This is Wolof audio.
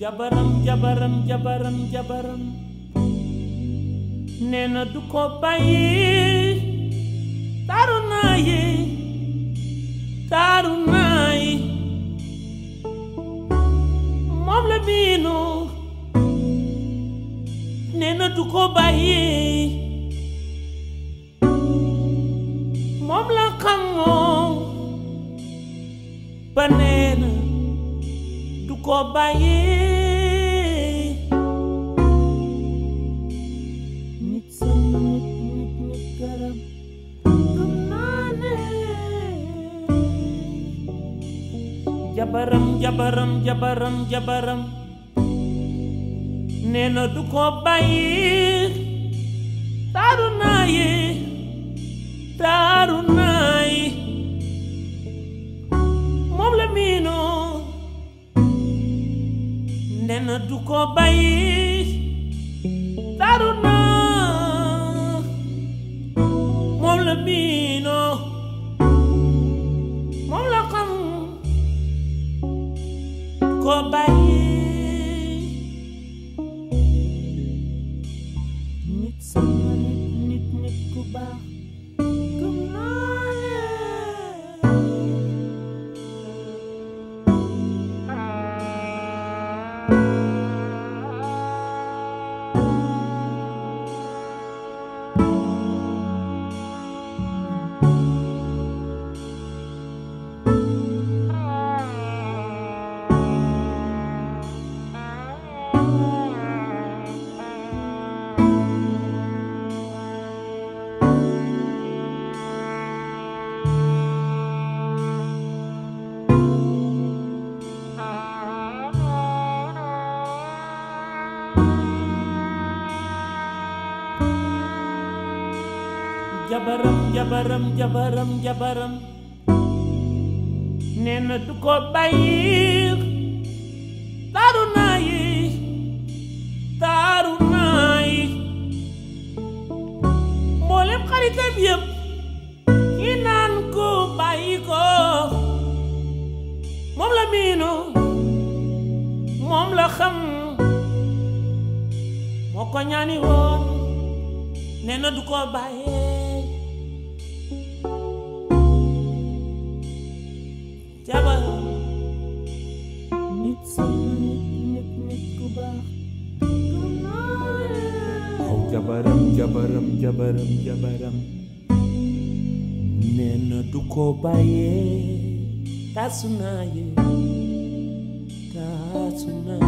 jabaram jabaram jabaram jabaram nee na du ko bàyyi taaru naa yi taaru naa yi moom la miinu nee na du ko bàyyi moom la xamoo ba nee na du ko bàyyi jabaram jabaram jabaram jabaram du ko bàyyi taaru naa taaru naa moom la miino nee du ko bàyyi taaru naa moom la miino sama nit nit nit ku jabaram jabaram jabaram jabaram nee du ko bàyyi taaru naa taaru naa yi mboolem xaritam yëpp yi naan ko bàyyi ko moom la miinu moom la xam moo ko ñaani woon nee na du ko bàyyi jabar nit jabaram jabaram jabaram jabaram nee na du ko bàyyee taasu naa taasu naa